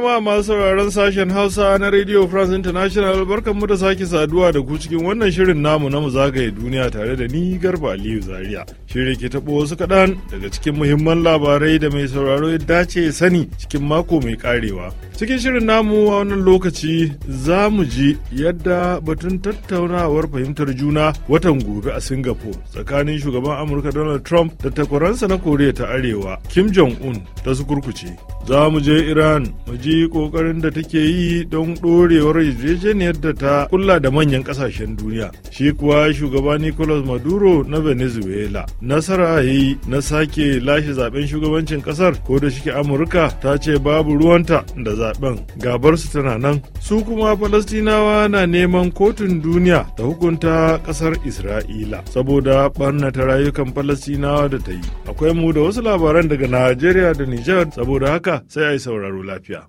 jama'a masu sauraron sashen Hausa na Radio France International mu da sake saduwa da ku cikin wannan shirin namu na mu zagaye duniya tare da ni Garba Aliyu Zaria. shirin ke taɓo wasu kaɗan daga cikin muhimman labarai da mai sauraro ya dace ya sani cikin mako mai karewa. Cikin shirin namu a wannan lokaci za mu ji yadda batun tattaunawar fahimtar juna watan gobe a Singapore tsakanin shugaban Amurka Donald Trump da takwaransa na Koriya ta Arewa Kim Jong-un ta su kurkuce. Za mu je Iran mu ji ƙoƙarin da take yi don ɗorewar yarjejeniyar da ta kulla da manyan ƙasashen duniya. Shi kuwa shugaba Nicolas Maduro na Venezuela nasara yi na sake lashe zaben shugabancin kasar ko da shike amurka ta ce babu ruwanta da zaben gabarsu tana nan su kuma falastinawa na neman kotun duniya ta hukunta kasar isra'ila saboda barnata rayukan falastinawa da ta yi akwai mu da wasu labaran daga najeriya da nijar saboda haka sai a yi sauraro lafiya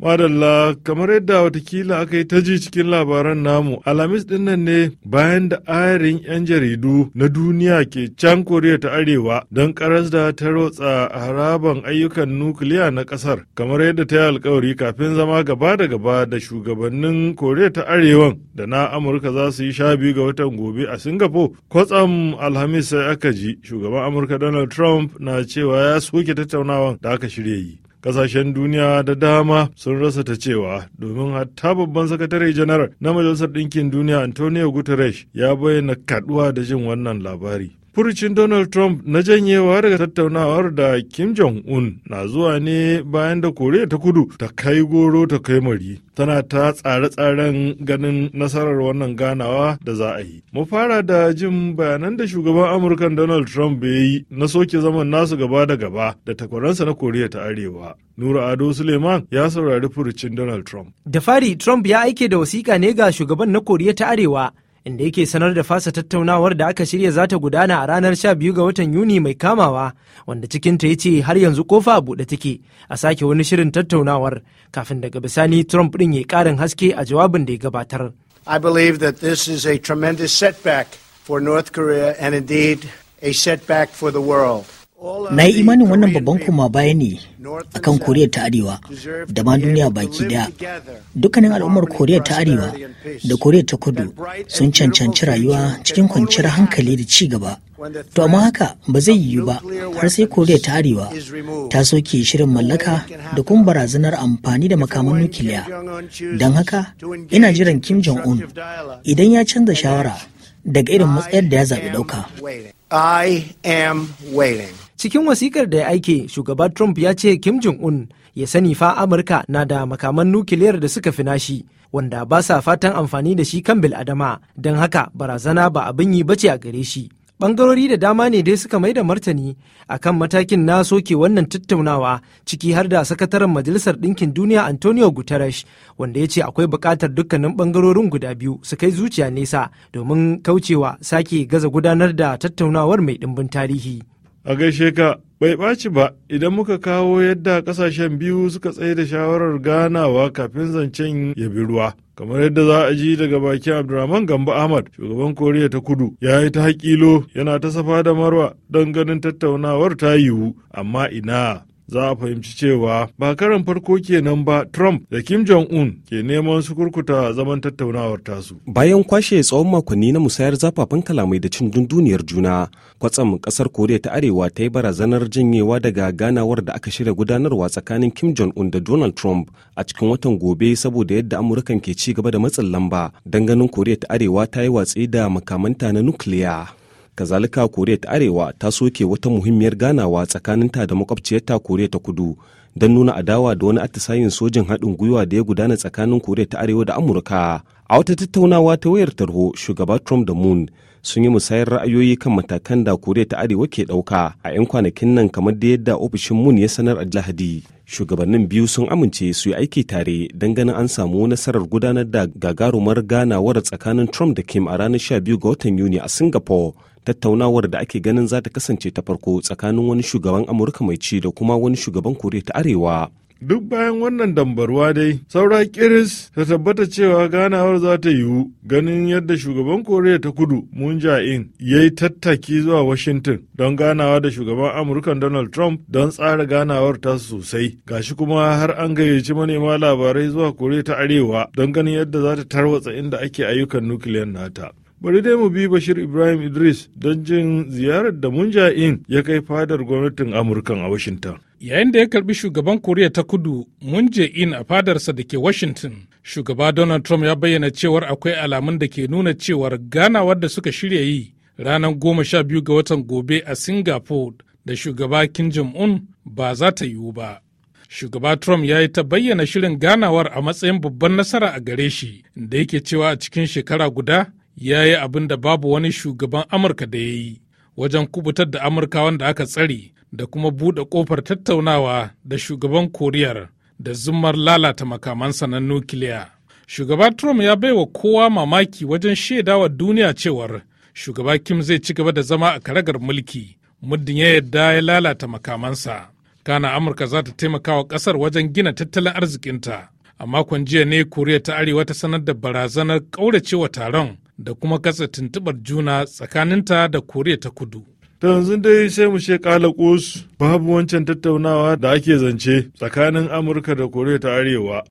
Madalla kamar yadda watakila aka yi ta ji cikin labaran namu alhamis dinnan ne bayan da ayarin 'yan jaridu na duniya ke can koriya ta arewa don karas da ta rotsa haraban ayyukan nukiliya na kasar kamar yadda ta yi alkawari kafin zama gaba da gaba da shugabannin koriya ta Arewa da na amurka za su yi sha biyu ga watan gobe a singapore kwatsam alhamis sai aka ji shugaban amurka donald trump na cewa ya soke tattaunawan da aka shirya yi Ƙasashen duniya da dama sun rasa ta cewa domin hatta babban sakatare janar na Majalisar Ɗinkin Duniya Antonio Guterres ya bayyana kaduwa da jin wannan labari. Furucin Donald Trump na janyewa daga tattaunawar da Kim Jong-un na zuwa ne bayan da Koriya ta kudu ta kai goro ta kai mari. Tana ta tsare-tsaren ganin nasarar wannan ganawa da za a yi. Mu fara da jin bayanan da shugaban amurka Donald Trump ya yi na soke zaman nasu gaba da gaba da takwaransa na Koriya ta Arewa. Nura Ado Suleiman ya saurari furucin Donald Trump. Da fari Trump ya aike da wasiƙa ne ga shugaban na Koriya ta Arewa inda yake sanar da fasa tattaunawar da aka shirya za ta gudana a ranar 12 ga watan Yuni mai kamawa, wanda cikinta ya ce har yanzu kofa a buɗe take a sake wani shirin tattaunawar kafin daga bisani Trump ɗin ya ƙarin haske a jawabin da ya gabatar. I believe that this is a tremendous setback for North Korea and indeed a setback for the world. na yi imanin wannan babban koma baya ne a kan koriya ta arewa da ma duniya baki daya dukkanin al'ummar koriya ta arewa da koriya ta kudu sun cancanci rayuwa cikin kwanciyar hankali da ci gaba to amma haka ba zai yiwu ba har sai koriya ta arewa ta soke shirin mallaka da kuma barazanar amfani da makaman nukiliya don haka ina jiran kim jong un idan ya canza shawara daga irin matsayar da ya zaɓi ɗauka. I am waiting. Cikin wasikar da ya aike, shugaba Trump ya ce Kim Jong-un ya sani fa Amurka na da makaman nukiliyar da suka fi nashi, wanda ba sa fatan amfani da shi kan bil'adama, don haka barazana ba abin yi bace a gare shi. Bangarori da dama ne dai suka mai da martani a kan matakin na soke wannan tattaunawa ciki har da sakataren Majalisar Ɗinkin Duniya Antonio Guterres wanda ya ce akwai buƙatar dukkanin bangarorin guda biyu su kai zuciya nesa domin kaucewa sake gaza gudanar da tattaunawar mai ɗimbin tarihi. A gaishe ka bai ɓaci ba idan muka kawo yadda ƙasashen biyu suka tsaye da shawarar ganawa kafin zancen ya bi ruwa. kamar yadda za a ji daga bakin abdulrahman gambo ahmad shugaban koriya ta kudu ya yi ta haƙilo yana ta safa da marwa don ganin tattaunawar ta yiwu amma ina za a fahimci cewa ba karan farko kenan ba Trump da Kim Jong-un ke neman su kurkuta zaman tattaunawar tasu. Bayan kwashe tsawon makonni na musayar zafafen kalamai da cin dunduniyar juna, kwatsam kasar Koriya ta Arewa ta yi barazanar janyewa daga ganawar da aka shirya gudanarwa tsakanin Kim Jong-un da Donald Trump a cikin watan gobe saboda yadda Amurkan ke ci gaba da matsin lamba don ganin Koriya ta Arewa ta yi watsi da makamanta na nukiliya. kazalika koriya ta arewa ta soke wata muhimmiyar ganawa tsakaninta da makwabciyarta koriya ta kudu don nuna adawa da wani atisayin sojin haɗin gwiwa da ya gudana tsakanin koriya ta arewa da amurka a wata tattaunawa ta wayar tarho shugaba trump da moon sun yi musayar ra'ayoyi kan matakan da koriya ta arewa ke ɗauka a 'yan kwanakin nan kamar da yadda ofishin moon ya sanar a lahadi shugabannin biyu sun amince su yi aiki tare don ganin an samu nasarar gudanar da gagarumar ganawar tsakanin trump da kim a ranar 12 ga watan yuni a singapore tattaunawar da ake ganin za ta kasance ta farko tsakanin wani shugaban amurka mai ci da kuma wani shugaban koriya ta arewa duk bayan wannan dambarwa dai saura kiris ta tabbata cewa ganawar za ta yiwu ganin yadda shugaban koriya ta kudu moon jae-in ya yi tattaki zuwa washington don ganawa da shugaban amurka donald trump don tsara ganawar ta sosai gashi kuma har an gayyaci manema labarai zuwa koriya ta arewa don ganin yadda za ta tarwatsa inda ake ayyukan nukiliyar nata Bari dai mu bi Bashir Ibrahim Idris don jin ziyarar da Munja'in ya kai fadar gwamnatin Amurkan a Washington. Yayin da ya karbi shugaban Koriya ta Kudu mun in a fadarsa da ke Washington, shugaba Donald Trump ya bayyana cewar akwai alamun da ke nuna cewar ganawar da suka shirya yi ranar goma sha biyu ga watan gobe a Singapore da shugaba Kim Jong-un ba za ta yiwu ba. shugaba Trump ya yi ta bayyana shirin ganawar a matsayin babban nasara a gare shi da yake cewa a cikin shekara guda ya yi abin da babu wani shugaban amurka da ya yi wajen kubutar da amurka wanda aka tsare da kuma buɗe ƙofar tattaunawa da shugaban koriyar da zumar lalata makamansa na nukiliya shugaba trump ya baiwa kowa mamaki wajen shaidawa duniya cewar shugaba kim zai ci gaba da zama a karagar mulki muddin ya yarda ya lalata makamansa kana amurka za ta taimaka wa ƙasar wajen gina tattalin arzikinta a makon jiya ne koriya ta arewa ta sanar da barazanar ƙauracewa taron da kuma katsa tuntubar juna tsakaninta da koriya ta kudu ta yanzu dai sai mu shekala kala babu wancan tattaunawa da ake zance tsakanin amurka da koriya ta arewa.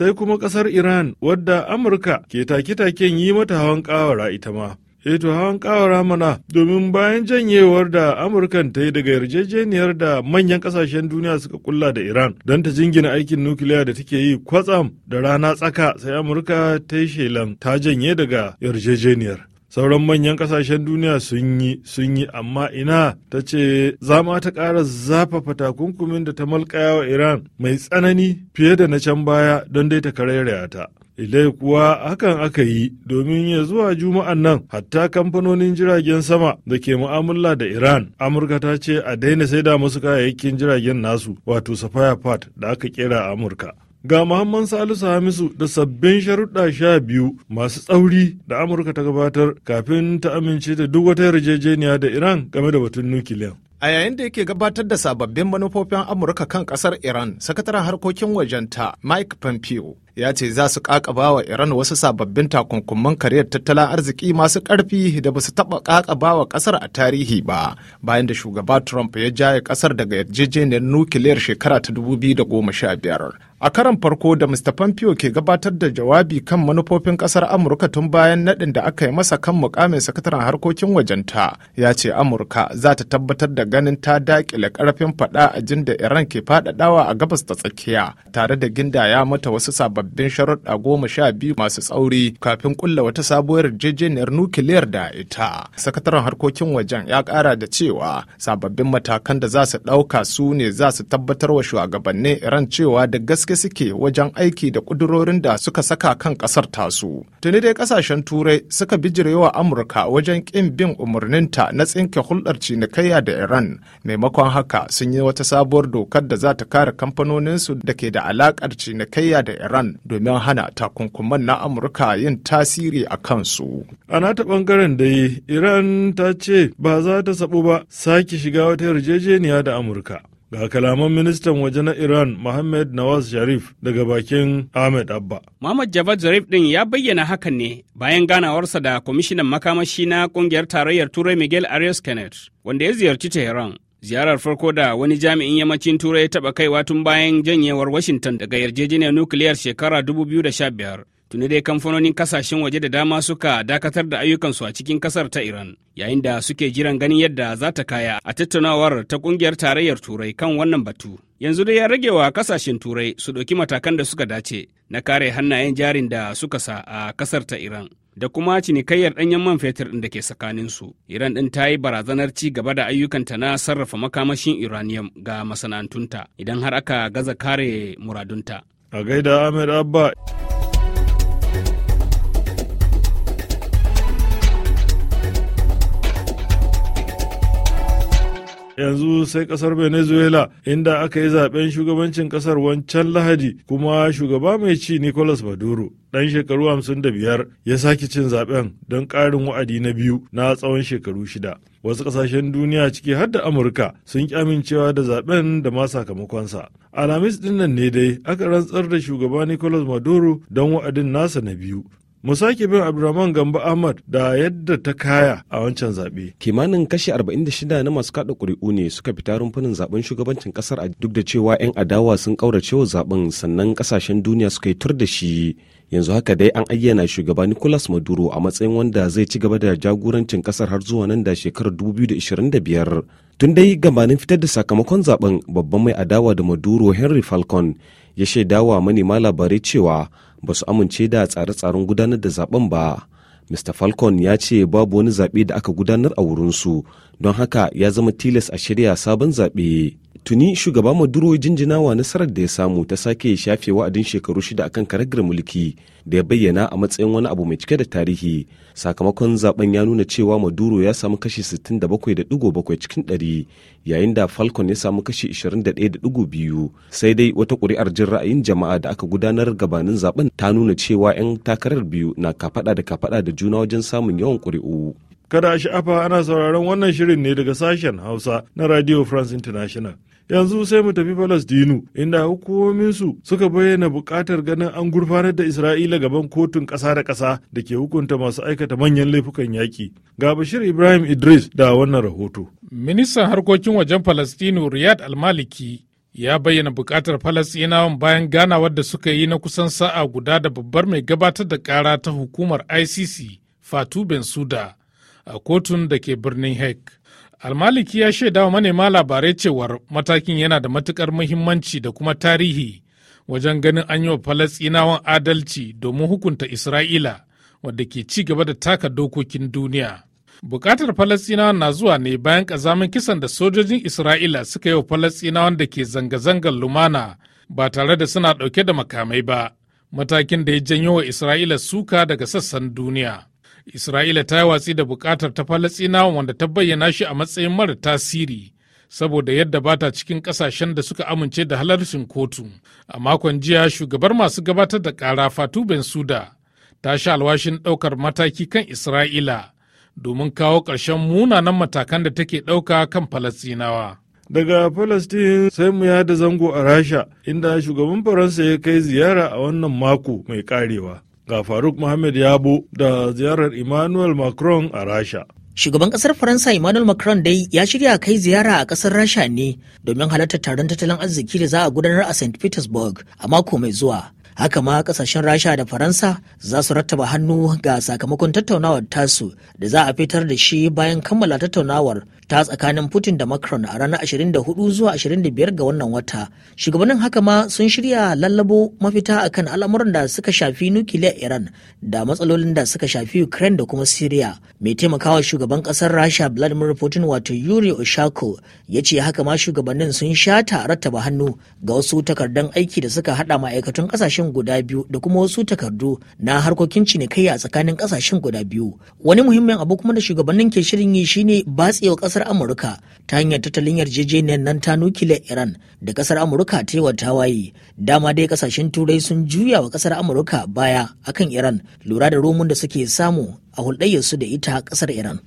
sai kuma kasar Iran wadda Amurka ke take-taken yi mata hawan kawara ita ma. eto eh hawan kawara mana domin bayan janyewar da amurkan ta yi daga yarjejeniyar da manyan kasashen duniya suka kulla da iran don ta jingina aikin nukiliya da take yi kwatsam da rana tsaka sai amurka ta yi shelan ta janye daga yarjejeniyar sauran manyan kasashen duniya sun yi sun yi amma ina ta ce za ma ta ƙara zafafa takunkumin da ta malkaya wa iran mai tsanani fiye da na can baya don dai ta karairaya ta ilai kuwa hakan aka yi domin ya zuwa juma'an nan hatta kamfanonin jiragen sama da ke mu'amala da iran amurka ta ce a daina saida masu kayayyakin jiragen nasu wato safaya part da aka kera a amurka Ga Muhammad Salisu Hamisu da sabbin sharuɗa sha biyu masu tsauri da Amurka ta gabatar kafin ta amince da duk wata yarjejeniya da Iran game da batun nukiliya. A yayin da yake gabatar da sababbin manufofin Amurka kan kasar Iran, sakataren harkokin wajenta Mike Pompeo ya ce za su kakaba wa Iran wasu sababbin takunkuman kariyar tattalin arziki masu karfi da ba su taba kakaba wa kasar a tarihi ba, bayan da shugaba Trump ya jaye kasar daga yarjejeniyar nukiliyar shekara ta 2015. A karan farko da Mr. Pompeo ke gabatar da jawabi kan manufofin kasar Amurka tun bayan naɗin da aka yi masa kan mukamin sakataren harkokin wajenta, ya ce Amurka za ta tabbatar da ganin ta dakile karfin faɗa a jinda Iran ke faɗaɗawa a gabas ta tsakiya, tare da gindaya mata wasu sababbin sharuɗa goma sha biyu masu tsauri kafin ƙulla wata sabuwar yarjejeniyar nukiliyar da ita. Sakataren harkokin wajen ya kara da cewa sababbin matakan da za su ɗauka su ne za su tabbatar wa shugabannin Iran cewa da gaske gaske suke wajen aiki da ƙudurorin da suka saka kan ƙasar tasu. Tuni dai ƙasashen Turai suka bijirewa Amurka wajen ƙin bin umarninta na tsinke hulɗar cinikayya da Iran. Maimakon haka sun yi wata sabuwar dokar da za ta kare kamfanoninsu da ke da alaƙar cinikayya da Iran domin hana takunkuman na Amurka yin tasiri a kansu. A nata ɓangaren dai Iran ta ce ba za ta saɓu ba sake shiga wata yarjejeniya da Amurka. Ga kalaman ministan waje na Iran Mohammed Nawaz Sharif daga bakin Ahmed Abba. Mohammed Javad Zarif din ya bayyana hakan ne bayan ganawarsa da kwamishinan makamashi na kungiyar tarayyar Turai Miguel Arias Kenneth wanda ya ziyarci Tehran. Ziyarar farko da wani jami'in yammacin Turai ya taɓa kaiwa tun bayan janyewar Washington daga yarjejeniyar nukiliyar shekara 2015. tuni dai kamfanonin kasashen waje da dama suka dakatar da ayyukansu a cikin kasar ta iran yayin da suke jiran ganin yadda za ta kaya a tattaunawar ta kungiyar tarayyar turai kan wannan batu yanzu dai ya rage wa kasashen turai su ɗauki matakan da suka dace na kare hannayen jarin da suka sa a kasar ta iran da kuma cinikayyar ɗanyen man fetur ɗin da ke tsakaninsu. Iran ɗin ta yi barazanar ci gaba da ayyukanta na sarrafa makamashin uranium ga masana'antunta idan har aka gaza kare muradunta. A gaida Ahmed Abba. yanzu sai kasar venezuela inda aka yi zaben shugabancin kasar wancan lahadi kuma shugaba mai ci nicolas maduro dan shekaru 55 ya sake cin zaben don karin wa'adi na biyu na tsawon shekaru shida wasu kasashen duniya ciki har da amurka sun ki amincewa da zaben da ma sakamakonsa alhamis dinnan ne dai aka rantsar da shugaba nicolas maduro don wa'adin nasa na biyu Mu sake bin Abdulrahman Gambo Ahmad da yadda ta kaya a wancan zaɓe. Kimanin kashi 46 na masu kaɗa ƙuri'u ne suka fita rumfunan zaɓen shugabancin ƙasar a duk da cewa 'yan adawa sun ƙaurace wa zaɓen sannan ƙasashen duniya suka yi tur da shi. Yanzu haka dai an ayyana shugaba Nicolas Maduro a matsayin wanda zai ci gaba da jagorancin ƙasar har zuwa nan da shekarar 2025. Tun dai gabanin fitar da sakamakon zaɓen babban mai adawa da Maduro Henry Falcon ya shaidawa manema labarai cewa ba su amince da tsare-tsaren gudanar da zaben ba mr falcon ya ce babu wani zaɓe da aka gudanar a wurinsu don haka ya zama tilas a shirya sabon zaɓe tuni shugaba maduro jinjinawa nasarar da ya samu ta sake shafe wa'adin shekaru shida akan karagar mulki da ya bayyana a matsayin wani abu mai cike da tarihi sakamakon zaben ya nuna cewa maduro ya samu kashi 67.7 cikin 100 yayin da falcon ya samu kashi 21.2 sai dai wata kuri'ar jin ra'ayin jama'a da aka gudanar gabanin zaben ta nuna cewa 'yan takarar biyu na kafada da kafada da juna wajen samun yawan kuri'u. Kada a sha'afa ana sauraron wannan shirin ne daga sashen Hausa na Radio France International. Yanzu sai mu tafi Falasdinu inda hukumominsu suka bayyana bukatar ganin an gurfanar da Isra'ila gaban kotun ƙasa da ƙasa da ke hukunta masu aikata manyan laifukan yaƙi. Ga Bashir Ibrahim Idris da wannan rahoto. Ministan harkokin wajen Falasdinu Riyad Almaliki ya bayyana buƙatar Falasɗinawan bayan ganawar da suka yi na kusan sa'a guda da babbar mai gabatar da ƙara ta hukumar ICC Fatu Bensuda. a kotun da ke birnin hague almaliki ya shaida wa manema labarai cewar matakin yana da matukar muhimmanci da kuma tarihi wajen ganin an yi wa falasinawan adalci domin hukunta isra'ila wadda ke ci gaba da taka dokokin duniya bukatar falasinawan na zuwa ne bayan kazamin kisan da sojojin isra'ila suka yi wa falasinawan da ke zanga-zangar lumana ba tare da suna dauke da makamai ba matakin da ya janyo wa isra'ila suka daga sassan duniya Isra'ila ta yi watsi da bukatar ta Falasɗinawa wanda ta bayyana shi a matsayin mara tasiri saboda yadda ba ta cikin kasashen da suka amince da halarcin kotu. A makon jiya shugabar masu gabatar da ƙara Fatu suda ta sha alwashin ɗaukar mataki kan Isra'ila domin kawo ƙarshen munanan matakan da take ɗauka kan falasinawa. daga palestine sai mu yada zango a rasha inda shugaban faransa ya kai ziyara a wannan mako mai karewa ga Faruk Muhammad Yabo da ziyarar Emmanuel Macron a Rasha. Shugaban kasar Faransa Emmanuel Macron dai ya shirya kai ziyara a kasar Rasha ne domin halartar taron tattalin arziki da za a gudanar a St. Petersburg a mako mai zuwa. Haka ma kasashen Rasha da Faransa za su rattaba hannu ga sakamakon tattaunawar tasu da za a fitar da shi bayan kammala tattaunawar ta tsakanin Putin da Macron a ranar 24 zuwa 25 ga wannan wata. Shugabannin haka ma sun shirya lallabo mafita a kan al'amuran da suka shafi nukiliyar Iran da matsalolin da suka shafi Ukraine da kuma Syria. Mai taimakawa shugaban kasar Rasha Vladimir Putin wato Yuri Ushako ya ce haka ma shugabannin sun shata rattaba hannu ga wasu takardan aiki da suka hada ma'aikatun kasashen guda biyu da kuma wasu takardu na harkokin cinikayya tsakanin kasashen guda biyu. Wani muhimmin abu kuma da shugabannin ke shirin yi shine batsewa kasar kasar amurka ta hanyar tattalin yarjejeniyar nan ta nukiliyar iran da kasar amurka ta yi wa tawaye dama dai kasashen turai sun juya wa kasar amurka baya akan iran lura da romun da suke samu a hulɗayyarsu da ita kasar iran.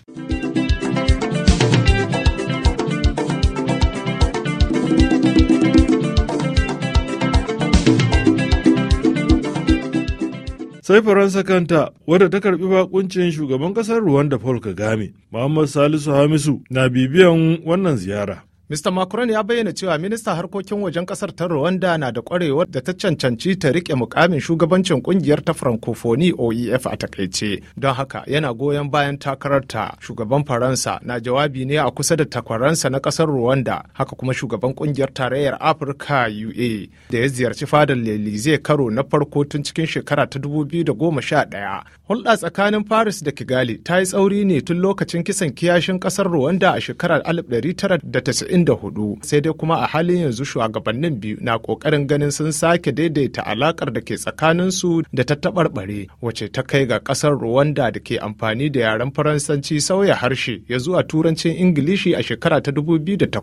sai faransa kanta wadda ta karbi bakuncin shugaban kasar ruwanda paul kagame muhammad salisu hamisu na bibiyan wannan ziyara Mr. Macron ya bayyana cewa minista harkokin wajen ƙasar ta Rwanda na da kwarewar da ta cancanci ta rike mukamin shugabancin ƙungiyar ta Francophonie OEF a takaice. Don haka yana goyon bayan takararta. Shugaban Faransa na jawabi ne a kusa da takwaransa na ƙasar Rwanda, haka kuma shugaban kungiyar tarayyar Afirka UA da ya ziyarci fadar Lelize karo na farko tun cikin shekara ta da goma sha ɗaya. Hulɗa tsakanin Paris da Kigali ta yi tsauri ne tun lokacin kisan kiyashin ƙasar Rwanda a shekarar 1990. 94 sai dai kuma a halin yanzu shugabannin biyu na kokarin ganin sun sake daidaita alakar da ke tsakaninsu da ta taɓarɓare wace ta kai ga ƙasar rwanda da ke amfani da yaren faransanci sauya harshe ya zuwa turancin ingilishi a shekara ta 2008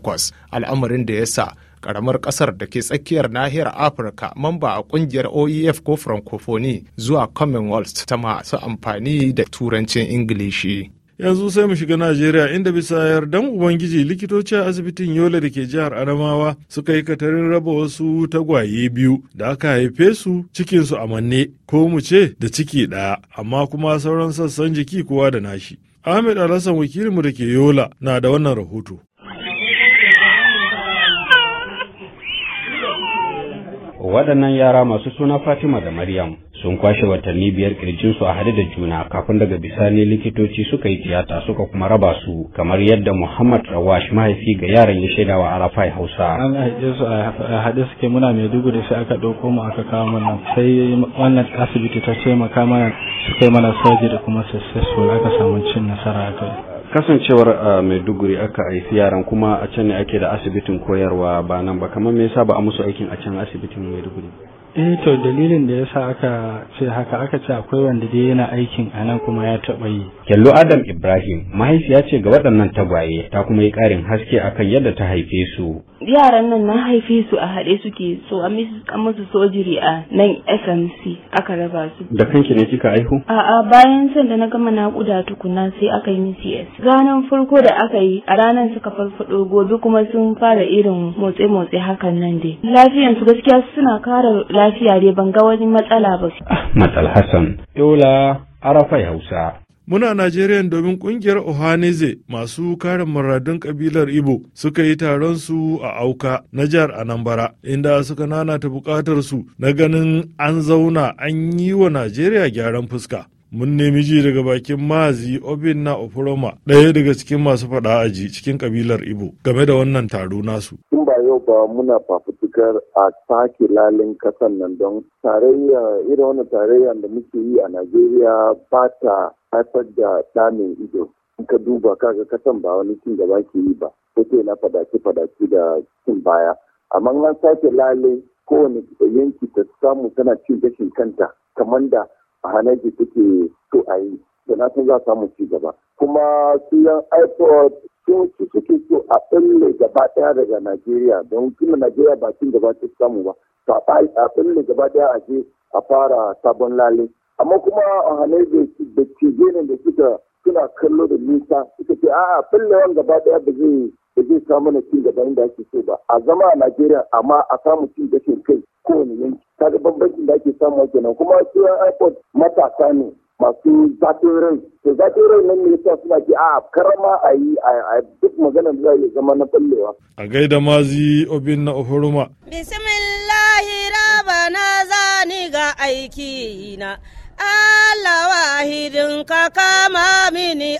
al'amarin da ya sa karamar kasar da ke tsakiyar nahiyar afirka mamba a ƙungiyar oef ko francophonie zuwa commonwealth ta masu amfani da turancin ingilishi yanzu sai mu shiga najeriya inda bisa yardan ubangiji likitoci a asibitin yola da ke jihar adamawa suka yi katarin raba wasu tagwaye biyu da aka haife su cikinsu a manne ko mu ce da ciki ɗaya amma kuma sauran sassan jiki kowa da nashi ahmed alhassan wakilinmu da ke yola na da wannan rahoto waɗannan yara masu suna fatima da maryam sun kwashe watanni biyar su a hade da juna kafin daga bisani likitoci suka yi tiyata suka kuma raba su kamar yadda muhammad rawash mahaifi ga yaran ya shaida wa arafai hausa an haife su a hade suke muna maiduguri sai aka ɗauko mu aka kawo mana sai wannan asibiti ta ce makama suka yi mana da kuma successful aka samu cin nasara a kai kasancewar uh, maiduguri aka haifi yaran kuma a can ne ake da asibitin koyarwa ba nan ba kamar me yasa ba a musu aikin a can asibitin maiduguri eh to dalilin da yasa aka ce haka aka ce akwai wanda dai yana aikin a nan kuma ya taba yi kyallo adam ibrahim mahaifiya ce ga waɗannan tagwaye ta kuma yi ƙarin haske akan yadda ta haife su yaran nan na haife su a haɗe suke so a musu sojiri a nan fmc aka raba su da kanki ne kika aihu a'a bayan sanda na gama naƙuda tukuna sai aka yi min cs ranar farko da aka yi a ranar suka farfado gobe kuma sun fara irin motsi motsi hakan nan dai lafiyan su gaskiya suna kara lafiya dai ban ga wani matsala ba ah, matsal hassan yola arafa hausa Muna Najeriya domin kungiyar Ohanize masu kare muradun kabilar Ibo suka yi taron su a Auka na jihar Anambra inda suka ta bukatar su na ganin an zauna an yi wa Najeriya gyaran fuska. mun nemi ji daga bakin mazi obinna ofuroma ɗaya daga cikin masu faɗa aji cikin kabilar ibo game da wannan taro nasu tun ba yau ba muna fafutukar a sake lalin kasan nan don tarayya irin wani tarayyar da muke yi a najeriya ba ta haifar da ɗamin ido in ka duba kaga kasan ba wani cin gaba ke yi ba ko na fadace fadace da cin baya amma an sake lalin kowane yanki ta samu tana cin gashin kanta kamar da a hanaji suke so a yi da na san za samu ci gaba kuma su yan ipod sun su suke so a ɓille gaba ɗaya daga najeriya don kuma najeriya ba cin gaba ta samu ba to a ɓille gaba ɗaya a je a fara sabon lale amma kuma a hanaji da cijenin da suka suna kallo da nisa suka ce a'a wani gaba ɗaya ba zai ba zai samu na cin gaba inda ake so ba a zama a najeriya amma a samu cin gashin kai kowane yanki kaga ake samu kenan kuma cewa airport matasa ne masu zafin rai to zafin rai nan ne yasa suna ke a karama a yi a duk maganar da zai zama na fallewa a gaida mazi obin na ohuruma bismillahi rabana zani ga aiki na Allah wahidin ka kama mini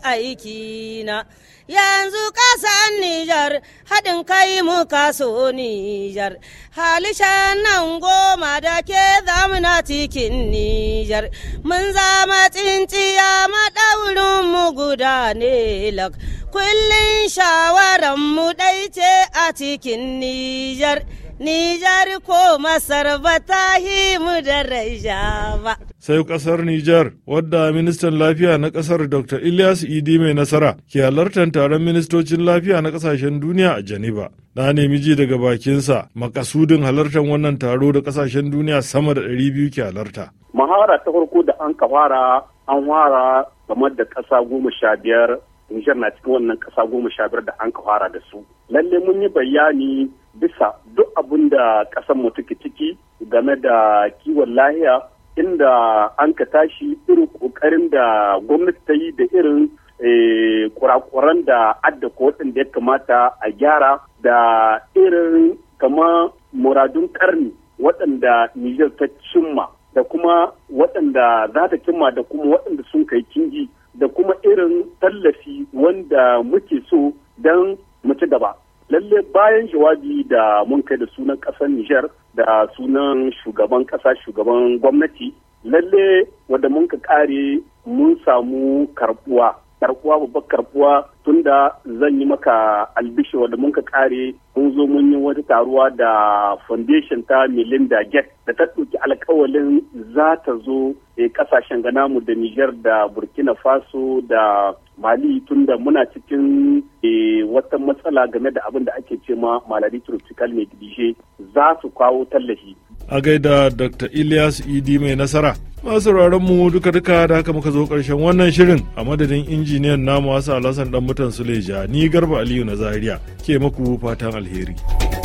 na. yanzu kasan Nijar haɗin kai mu so Nijar halishan nan goma da ke zamuna cikin Nijar mun zama tsinciya maɗaurin mu guda ne lak kullum shawaran mu ɗai ce a cikin Nijar Nijar ko Masar ba ta mu da Raija ba. sai kasar Nijar, wadda ministan lafiya na kasar Dr. Ilyas Idi mai nasara ke halartar taron ministocin lafiya na kasashen duniya a janiba Na nemi ji daga bakinsa makasudin halartar wannan taro da kasashen duniya sama da 200 ke halarta. Mahara ta farko da an fara an wara game da kasa goma sha biyar Nijar na cikin wannan ƙasa goma sha biyar da an fara da su. Lalle mun yi bayani bisa duk abin da ƙasar mu take ciki game da kiwon lahiya inda an ka tashi irin kokarin da gwamnati ta yi da irin eh, kurakuran da adda kotun da ya kamata a gyara da irin kama muradun karni waɗanda Nijar ta cimma da kuma waɗanda za ta cimma da kuma waɗanda sun kai kingi da kuma irin tallafi wanda muke so don mu ci gaba. lalle bayan jawabi da mun kai da sunan ƙasar Nijar da sunan shugaban ƙasa shugaban gwamnati lalle wanda mun ka kare mun samu karbuwa karbuwa babbar karbuwa tunda zan yi maka albishi wanda mun ka kare mun zo mun yi wata taruwa da foundation ta Melinda Gates da ta ɗauki alkawalin za ta zo kasashen eh, ganamu da Nijar da Burkina Faso da mali tunda muna cikin eh, wata matsala game da abin da ake ce ma malari tropical negligee za su kawo tallafi a gaida dr elias idi mai nasara masu mu duka duka da haka muka zo karshen wannan shirin a madadin injiniyan namu wasu alasan dan mutan suleja ni garba aliyu na zaria ke muku fatan alheri